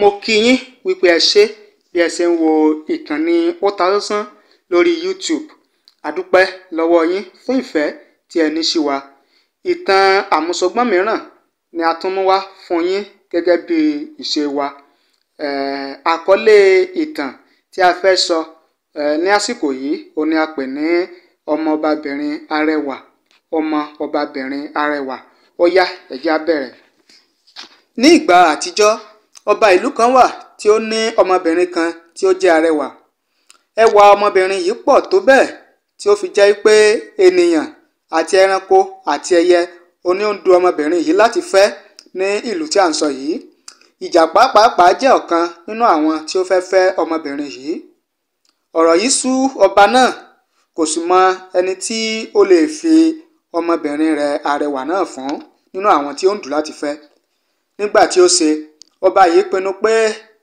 mo kí yín wípé ẹ ṣé bí ẹ ṣe ń wo ìkànnì Ọ̀tàsánsán lórí YouTube àdúpẹ́ lọ́wọ́ yín fún ìfẹ́ tí ẹ ní sí wa ìtàn àmúṣọgbọ́n mìíràn ni a tún mú wá fún yín gẹ́gẹ́ bí ìṣe wa eh, àkọlé ìtàn tí a fẹ́ sọ eh, ní àsìkò yìí òun ni a pè ní ọmọ ọbabìnrin arẹwà ọmọ ọbabìnrin arẹwà ó yá ẹ jẹ́ ní ìgbà àtijọ́ ọba ìlú kan wà tí ó ní ọmọbìnrin kan tí ó jẹ́ arẹwà ẹwà ọmọbìnrin yìí pọ̀ tó bẹ́ẹ̀ tí ó fi jẹ́ pé ènìyàn àti ẹranko àti ẹyẹ oní ń du ọmọbìnrin yìí láti fẹ́ ní ìlú tí à ń sọ yìí ìjàpá pàápàá jẹ́ ọ̀kan nínú àwọn tí ó fẹ́ fẹ́ ọmọbìnrin yìí ọ̀rọ̀ yìí sú ọba náà kò sì mọ ẹni tí ó lè fi ọmọbìnrin rẹ̀ arẹwà náà fún nínú àwọn tí ó ń dù láti fẹ́ nígbà tí ó ṣe ọba yìí pinnu pé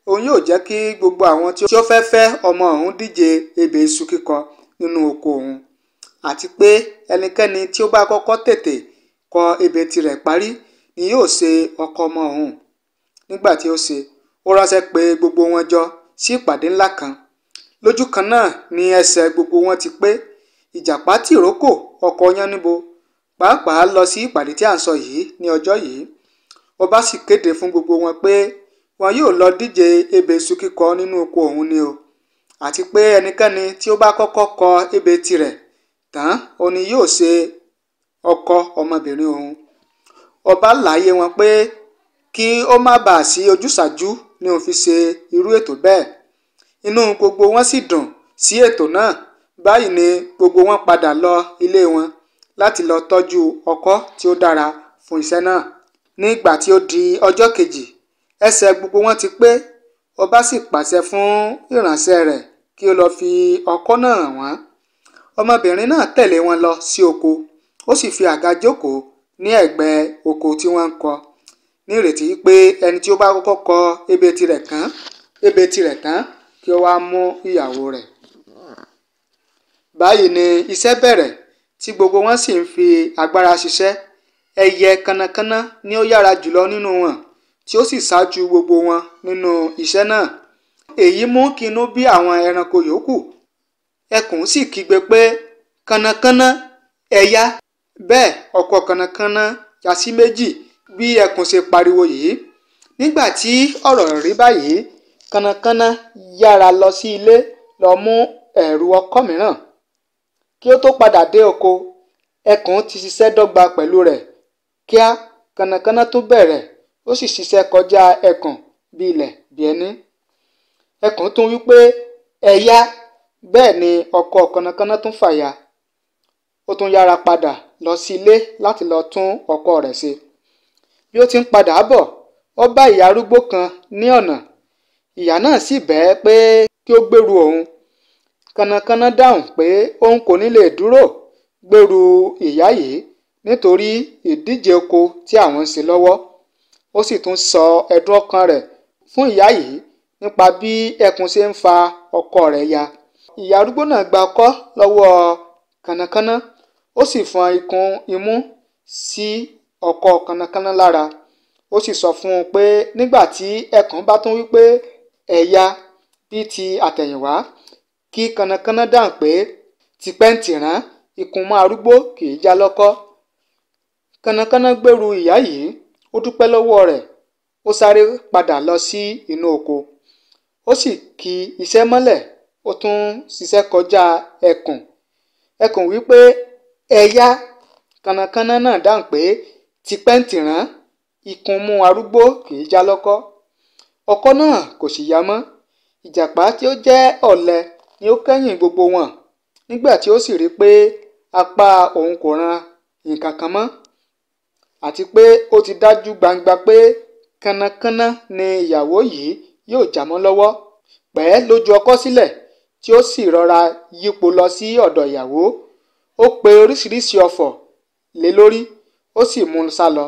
òun yóò jẹ́ kí gbogbo àwọn tí ó fẹ́ fẹ́ ọmọ òun díje ebè iṣu kíkan nínú oko òun àti pé ẹnikẹ́ni tí ó bá kọ́kọ́ tètè kọ ebè tirẹ̀ parí ni yóò ṣe ọkọ ọmọ òun nígbà tí ó ṣe ó ránṣẹ́ pé gbogbo wọn jọ sí ìpàdé ńlá kan lójú kan náà ni ẹsẹ̀ gbogbo wọn ti pé ìjàpá tìrókò ọkọ̀ yánníbo pàápàá lọ sí ìpàdé tí à ń sọ yìí ní ọjọ́ yìí ọba sì kéde fún gbogbo wọn pé wọn yóò lọ díje ebè iṣu kíkọ nínú oko òun ni o àti pé ẹnikẹ́ni tí ó bá kọ́kọ́ kọ ebè tirẹ̀ tán òun ni yóò ṣe ọkọ ọmọbìnrin òun ọba láyé wọn pé kí ó má bàa sí ojúsàájú ni òun fi ṣe irú ètò bẹ́ẹ̀ inú gbogbo wọn sì dùn sí ètò náà báyìí ni gbogbo wọn padà lọ ilé wọn láti lọ tọ́jú ọkọ tí ó dára fún iṣẹ́ náà ní ìgbà tí ó di ọjọ́ kejì ẹsẹ̀ gbogbo wọn ti pé ọba sì pàṣẹ fún ìránṣẹ́ rẹ̀ kí ó lọ fi ọkọ́ náà hàn wọ́n ọmọbìnrin náà tẹ̀lé wọn lọ sí oko ó sì fi àga jókòó ní ẹ̀gbẹ́ oko tí wọ́n ń kọ ní ìrètí pé ẹni tí ó bá kọ́kọ́ kọ ebè tirẹ̀ kan ebè tirẹ̀ tán kí ó wá mú ìyàwó rẹ̀ báyìí ni iṣẹ́ bẹ̀rẹ̀ tí gbogbo wọn sì ń fi agbára ṣiṣẹ́ ẹyẹ kànnàkànnà ni ó yára jùlọ nínú wọn tí ó sì ṣáájú gbogbo wọn nínú iṣẹ́ náà èyí mú kí bí àwọn ẹranko yòókù ẹkùn sì kígbe pé kànnàkànnà ẹ̀yà bẹ́ẹ̀ ọkọ̀ kànnàkànnà yà sí méjì bí ẹkùn ṣe pariwo yìí nígbà tí ọ̀rọ̀ rí báyìí kànnàkànnà yára lọ sí ilé lọ mú ẹ̀rù ọkọ̀ mìíràn kí ó tó padà dé oko ẹkùn ti ṣiṣẹ́ dọ́gba pẹ̀lú rẹ̀ kíá kànàkànà tún bẹ̀rẹ̀ ó sì ṣiṣẹ́ kọjá ẹkùn bí ilẹ̀ bí ẹní. ẹkùn tún wí pé ẹ̀yà bẹ́ẹ̀ ni ọkọ kànnàkànnà tún fàya ó tún yára padà lọ sí ilé láti lọ tún ọkọ rẹ̀ ṣe bí ó ti ń padà bọ̀ ó bá ìyá arúgbó kan ní ọ̀nà ìyá náà sì bẹ́ẹ̀ pé kí ó gbèrú òun kànnàkànnà dáhùn pé òun kò ní lè dúró gbèrú ìyá yìí nítorí ìdíje oko tí àwọn ń ṣe lọ́wọ́ ó sì tún sọ ẹ̀dùn ọkàn rẹ̀ fún ìyá yìí nípa bí ẹkùn ṣe ń fa ọkọ rẹ̀ ya ìyá arúgbó náà gba ọkọ́ lọ́wọ́ kànnàkànnà ó sì fọn ikùn imú sí ọkọ kànnàkànnà lára ó sì sọ fún un pé nígbà tí ẹkùn bá tún wípé ẹ̀yà bíi ti àtẹ̀yìnwá kí kànnàkànnà dáhùn pé tipẹ́ǹtì rán ikùn mọ́ arúgbó kì í já lọ́kọ́ kanakana gbèrú ìyá yìí, ó dúpẹ́ lọ́wọ́ rẹ̀, ó sáré padà lọ sí inú oko. Ó sì ki iṣẹ́ mọ́lẹ̀, ó tún ṣiṣẹ́ kọjá ẹkùn. Ẹkùn wí pé ‘ẹ yá!’, kànnàkànnà náà dáhùn pé ‘tipẹ́ǹtìrán, ikùnmú arúgbó kìí já lọ́kọ́’. Ọkọ́ náà kò sì yá mọ́. Ìjàpá tí ó jẹ́ ọ̀lẹ ni ó kẹ́yìn gbogbo wọn nígbà tí ó sì rí pé apá òun kò ran àti pé ó ti dájú gbangba pé kánnàkànnà ni ìyàwó yìí yóò já mọ́ lọ́wọ́ pẹ́ẹ́ ló ju ọkọ sílẹ̀ tí ó sì rọra yípo lọ sí ọ̀dọ̀ ìyàwó ó pe oríṣiríṣi ọ̀fọ̀ lé lórí ó sì mú un sá lọ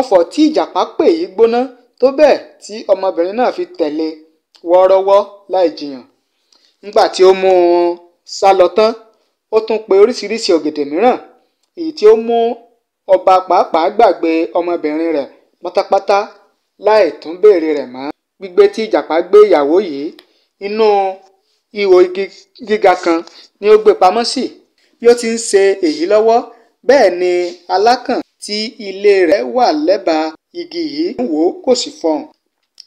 ọ̀fọ̀ tí ìjàpá pè yìí gbóná tó bẹ́ẹ̀ tí ọmọbìnrin náà fi tẹ̀lé wọ́ọ́rọ́wọ́ láì jiyàn nígbà tí ó mú un sá lọ tán ó tún pe oríṣiríṣi ọ̀gẹ̀dẹ̀ mìíràn èyí tí ó mú ọba pàápàá gbàgbé ọmọbìnrin rẹ̀ pátápátá láì tún béèrè rẹ̀ mọ́ gbígbé tí ìjàpá gbé ìyàwó yìí inú ihò igi gíga kan ni ó gbé pamọ́ sí bí ó ti ń ṣe èyí lọ́wọ́ bẹ́ẹ̀ ni alákàn tí ilé rẹ̀ wà lẹ́bàá igi yìí ń wò ó kò sì fọhùn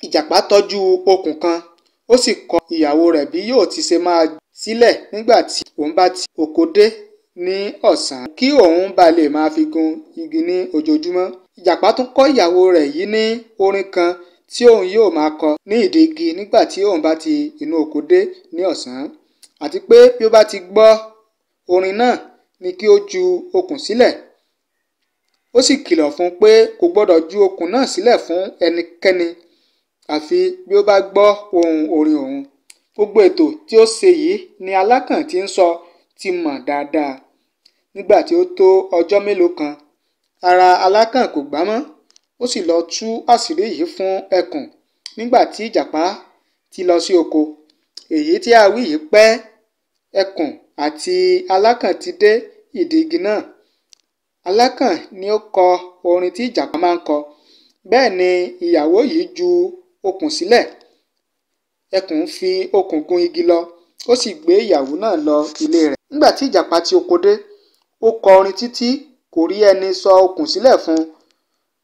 ìjàpá tọ́jú okùn kan ó sì kọ ìyàwó rẹ̀ bí yóò ti ṣe máa sílẹ̀ nígbà tí òun bá ti oko dé ní ọ̀sán kí òun ba lè máa fi gun igi ní ojoojúmọ́. ìjàpá tún kọ́ ìyàwó rẹ̀ yìí ní orin kan tí òun yóò máa kọ ní ìdí igi nígbà tí òun bá ti inú oko dé ní ọ̀sán àti pé bí ó bá ti gbọ́ orin náà ni kí ó ju okùn sílẹ̀ ó sì kìlọ̀ fún un pé kò gbọ́dọ̀ ju okùn náà sílẹ̀ fún ẹnikẹ́ni àfi bí ó bá gbọ́ ohun orin òun gbogbo ètò tí ó ṣe yìí ni alákàn ti ń sọ ti mọ̀ dáadáa nígbà tí ó tó ọjọ́ mélòó kan ara alákàn kò gbá mọ́ ó sì lọ tú àṣírí yìí fún ẹkùn nígbà tí ìjàpá ti lọ sí oko èyí tí a wí yìí pẹ́ ẹkùn àti alákàn ti dé ìdí igi náà alákàn ni ó kọ orin tí ìjàpá máa ń kọ bẹ́ẹ̀ ni ìyàwó yìí ju okùn sílẹ̀ ẹkùn fi okùn gun igi lọ ó sì gbé ìyàwó náà lọ ilé rẹ̀ nígbà tí ìjàpá ti oko dé ó kọ orin títí kò rí ẹni sọ okùn sílẹ̀ fún un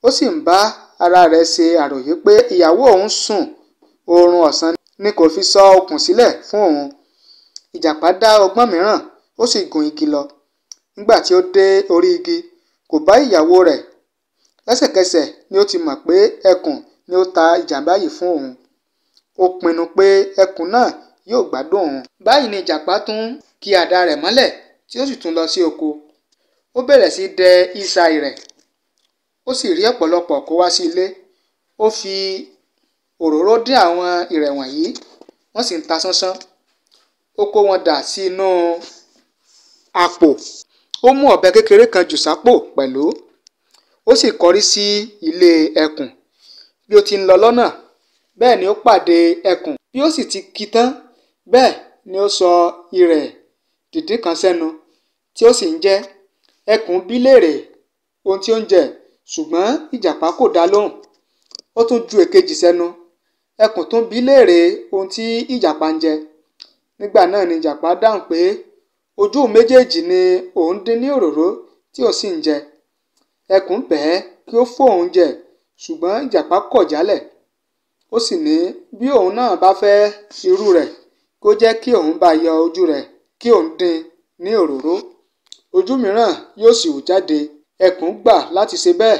ó sì ń bá ara rẹ̀ ṣe àròyé pé ìyàwó òun sùn oorun ọ̀sán ni kò fi sọ okùn sílẹ̀ fún òun ìjàpá dá ọgbọ́n mìíràn ó sì gun igi lọ nígbà tí ó dé orí igi kò bá ìyàwó rẹ̀ lẹ́sẹ̀kẹsẹ̀ ni ó ti mọ̀ pé ẹkùn ni ó ta ìjàmbá yìí fún òun ó pinnu pé ẹkùn náà yóò gbádùn òun báyìí ni ìjàpá tún ki àdá rẹ̀ mọ́lẹ̀ tí ó sì tún lọ sí oko ó bẹ̀rẹ̀ sí dẹ ìsàì rẹ̀ ó sì rí ọ̀pọ̀lọpọ̀ kó wá sí ilé ó fi òróró dín àwọn ìrẹ̀ wọ̀nyí wọ́n sì ń ta sánsán ó kó wọn dà sí inú àpò ó mú ọ̀bẹ kékeré kan jù sápò pẹ̀lú ó sì kọrí sí ilé ẹkùn bí ó ti ń lọ lọ́nà bẹ́ẹ̀ ni ó pàdé ẹkùn bí ó sì ti kì tán bẹ́ẹ̀ ni ó sọ ìrẹ̀ dìdín kan sẹ́nu tí ó sì ń jẹ ẹkùn bí léèrè ohun tí ó ń jẹ ṣùgbọ́n ìjàpá kò dá lóhùn ó tún ju èkejì sẹ́nu ẹkùn tún bí léèrè ohun tí ìjàpá ń jẹ nígbà náà ni ìjàpá dáhùn pé ojú méjèèjì ni òun dín ní òróró tí ó sì ń jẹ ẹkùn bẹ́ẹ̀ kí ó fún òun jẹ ṣùgbọ́n ìjàpá kọ̀ jálẹ̀ ó sì ní bí òun náà bá fẹ́ irú rẹ̀ kó jẹ́ kí òun bá yọ ojú rẹ̀ kí òun dín ní òróró ojú mìíràn yóò sì hù jáde ẹkùn gbà láti ṣe bẹ́ẹ̀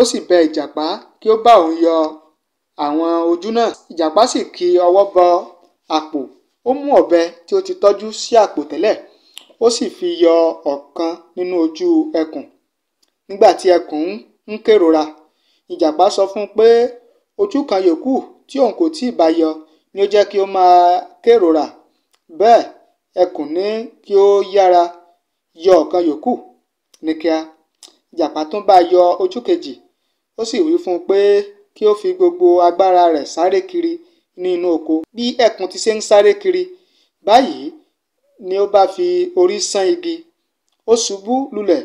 ó sì bẹ ìjàpá kí ó bá òun yọ àwọn ojú náà ìjàpá sì ki ọwọ́ bọ àpò ó mú ọ̀bẹ tí ó ti tọ́jú sí àpò tẹ́lẹ̀ ó sì fi yọ ọ̀kan nínú ojú ẹkùn nígbà tí ẹkùn ń kérora ìjàpá sọ fún un pé ojú kan yòókù tí òun kò tíì bá yọ ni ó jẹ́ kí ó máa kérora bẹ́ẹ̀ ẹkùn ní kí ó yára yọ ọ̀kan yòókù ní kíá ìjàpá tún bá yọ ojú kejì ó sì wí fún un pé kí ó fi gbogbo agbára rẹ̀ sáré kiri ní inú oko bí ẹkùn ti ṣe ń sáré kiri báyìí ni ó bá fi orí sán igi ó ṣubú lulẹ̀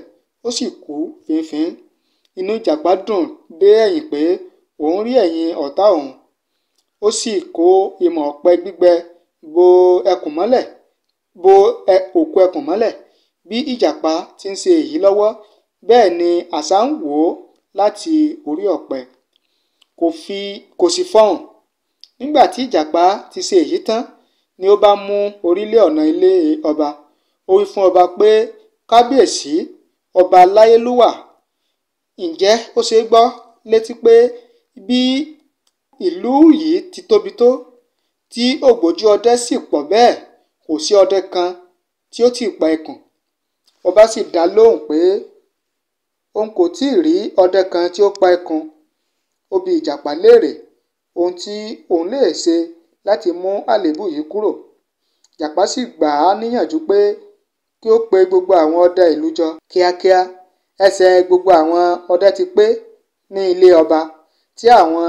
ó sì kú fínfín inú ìjàpá dùn dé ẹ̀yìn pé òun rí ẹ̀yìn ọ̀tá òun ó sì kó imọ̀ ọ̀pẹ gbígbẹ bo ẹkùn mọ́lẹ̀ bo òkú ẹkùn mọ́lẹ̀ bí ìjàpá ti ń ṣe èyí lọ́wọ́ bẹ́ẹ̀ ni àṣà ń wò ó láti orí ọ̀pẹ kò fi kò sì fọhùn nígbà tí ìjàpá ti ṣe èyí tán ni ó bá mú orílẹ̀ ọ̀nà ilé ọba ó wí fún ọba pé kábíyèsí ọba aláyélúwà ǹjẹ́ ó ṣe gbọ́ létí pé bí ìlú yìí ti tóbi tó tí ògbójú ọdẹ sì pọ̀ bẹ́ẹ̀ kò sí ọdẹ kan tí ó tí ì pa ẹkùn ọba sì dá lóhùn pé òun kò tí ì rí ọdẹ kan tí ó pa ẹkùn ó ìjàpá léèrè ohun tí òun lè ṣe láti mú àléébù yìí kúrò ìjàpá sì gbà á níyànjú pé kí ó pe gbogbo àwọn ọdẹ ìlú jọ kíákíá ẹsẹ̀ gbogbo àwọn ọdẹ ti pé ní ilé ọba tí àwọn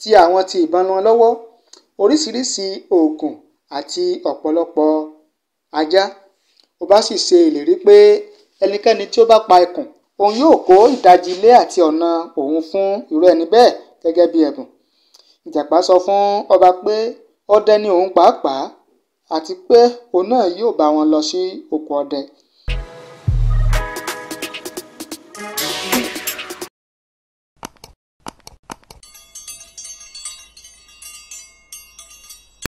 tí àwọn ti ìbọn wọn lọ́wọ́ oríṣiríṣi oògùn àti ọ̀pọ̀lọpọ̀ ajá ó bá sì ṣe ìlérí pé ẹnikẹ́ni tí ó bá pa ikùn òun yóò kó ìdajì ilé àti ọ̀nà òun fún irú ẹni bẹ́ẹ̀ gẹ́gẹ́ bí ẹ̀bùn ìjàpá sọ fún ọba pé ọdẹ ni òun pàápàá àti pé òun náà yóò bá wọn lọ sí oko ọdẹ